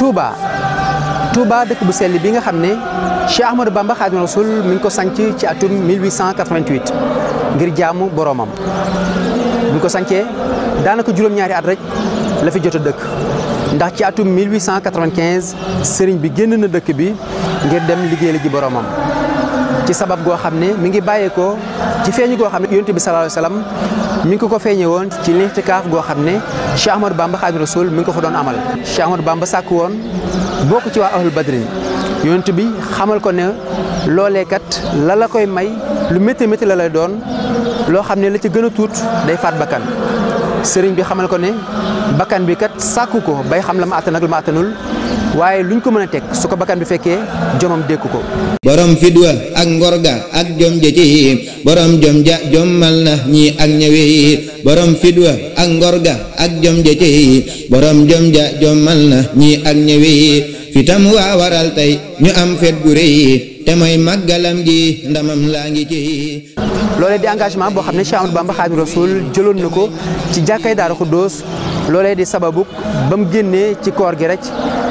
Touba Touba dëkk bu selli bi nga xam ne Cheikh Ahmadou Bamba Xaadimu Rasuul mi ngi ko sanc ci atum 1888 ngir jaamu boroomam bi ko sancee daanaka juróom-ñaari at rek la fi jot a dëkk ndax ci atum 1895 sëriñ bi génn na dëkk bi ngir dem liggéey la ji boroomam ci sabab goo xam ne mi ngi bàyyeekoo ci feeñu goo xam ne yonent bi sallallahu alayhi wasallam mi ngi ko ko feeñe woon ci lixtikaaf goo xam ne Cheikh Ahmadou Bamba Xaadimu Rasuul mi ngi ko fa doon amal Cheikh Ahmadou Bamba sàkk woon bokk ci waa ahlul badri yonent bi xamal ko ne loolee kat la la koy may lu métti métti la lay doon loo xam ne la ci gën a tuut day faat bakkan sëriñ bi xamal ko ne bakkan bi kat sàkku ko bay xam la ma àttan ak la ma waaye luñ ko mën a teg su ko bakkan bi fekkee jomam dékk ko borom fidwa ak ngorga ak jom ja ci borom jom jommal na ñii ak ñëwe borom fidwa ak ngorga ak jom ja ci borom jom ñii ak ñëwe fitam waa waral tey ñu am fet gu rëy te mooy màggalam gi ndamam laa ngi ci loole di engagement boo xam ne Cheikh Amadou Bamba Xaadimu Rasuul jëloon na ko ci jàkkay Daaru Xuddoos loole di sababu ba mu génnee ci koor gi rek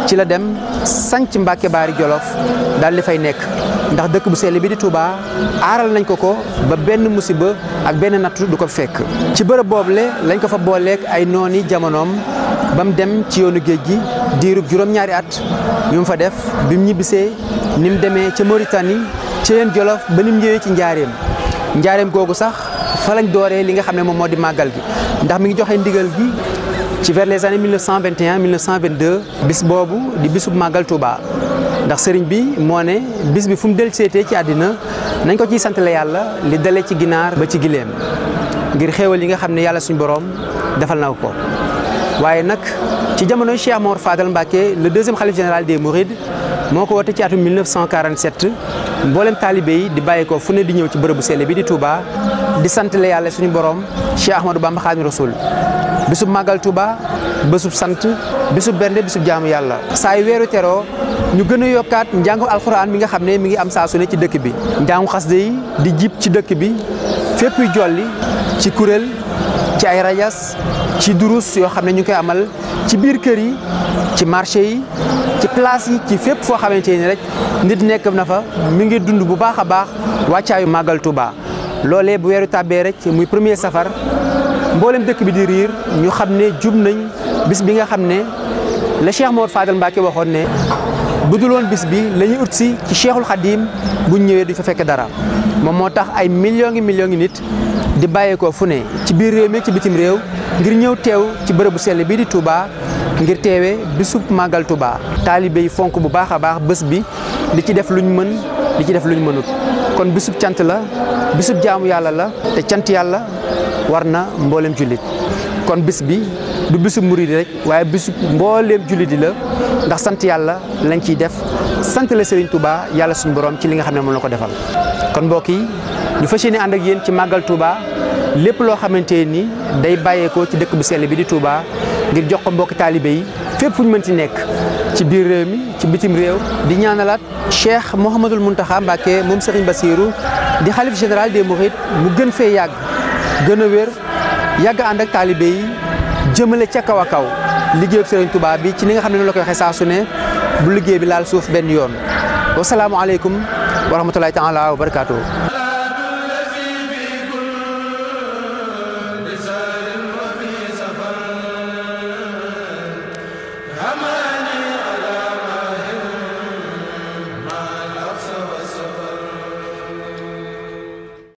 ci la dem sanc Mbàkke Baari Jolof daal di fay nekk ndax dëkk bu sell bi di Touba aaral nañ ko ko ba benn musiba ak benn nattu du ko fekk ci bërëb boobule lañ ko fa booleek ay nooni jamonoom ba mu dem ci yoonu géej gi diirub juróom-ñaari at yu mu fa def bi mu ñibbisee ni mu demee ca Mauritanie ci yeen Jolof ba ni mu ñëwee ci njaareem njaareem googu sax fa lañ dooree li nga xam ne moom moo di màggal gi ndax mi ngi joxe ndigal gi ci vers les années 1921 1922 bis boobu di bisub màggal Touba ndax sëriñ bi moo ne bis bi fu mu del seetee ci àddina nañ ko ciy santale yàlla li dalee ci ginaar ba ci gileem ngir xéewal yi nga xam ne yàlla suñ boroom defal na ko. waaye nag ci jamono Cheikh Mor Fadal Mbacké le deuxième xalif général des Mourides moo ko woote ci atum 1947 mboolem taalibe yi di bàyyi ko fu ne di ñëw ci bërëbu sell bi di Touba di sant la yàlla suñu borom Cheikh Ahmadou Bamba Xaadimu Rasuul bisub màggal Touba bésub sant bisub bernde bisub jaamu yàlla saa yu weeru teroo ñu gën a yokkaat njàngu alxuraan mi nga xam ne mi ngi am saa su ne ci dëkk bi njàngu xasida yi di jib ci dëkk bi fépp jolli ci kuréel ci ay rajas ci durus yoo xam ne ñu koy amal ci biir kër yi ci marché yi ci place yi ci fépp foo xamante ni rek nit nekk na fa mi ngi dund bu baax a baax wàccaayu màggal Tuuba loole bu weeru tàbbee rek muy premier safar mboolem dëkk bi di riir ñu xam ne jub nañ bis bi nga xam ne la Cheikh moo Fadel Mbacke waxoon ne bu dul woon bis bi la ñuy si ci Cheikhul Khadim buñ ñëwee di fa fekk dara moom moo tax ay million ngi million ngi nit di bàyyeekoo fu ne ci biir réew mi ci bitim réew ngir ñëw teew ci bu sell bii di Touba ngir teewe bisub màggal Touba. taalibe yi fonk bu baax a baax bés bi di ci def luñ mën li ci def luñ mënut kon bisub cant la bisub jaamu yàlla la te cant yàlla. war na mboolem jullit kon bis bi du bisu murid rek waaye bisu mbooleem jullit la ndax sant yàlla lañ ciy def sant la Serigne Touba yàlla suñu borom ci li nga xam ne moom la ko defal. kon mbokk yi ñu fas yéene ànd ak yéen ci màggal Touba lépp loo xamante ni day bàyyeekoo ci dëkk bu sell bi di Touba ngir jox ko mbokki taalibe yi fépp fu ñu mën ci nekk ci biir réew mi ci bitim réew di ñaanalaat Cheikh Mouhamadul Mountakha Mbacké moom Serigne Bassirou di xalif général des Mourides mu gën fee yàgg. gën a wér yàgg ànd ak taalibe yi jëmale ca kaw a kaw liggéeyu Serigne tubaab bi ci ni nga xam ne noonu koy waxee saa su ne bu liggéey bi laal suuf benn yoon wasalaamualeykum wa rahmatulahi taala wa barakaatu.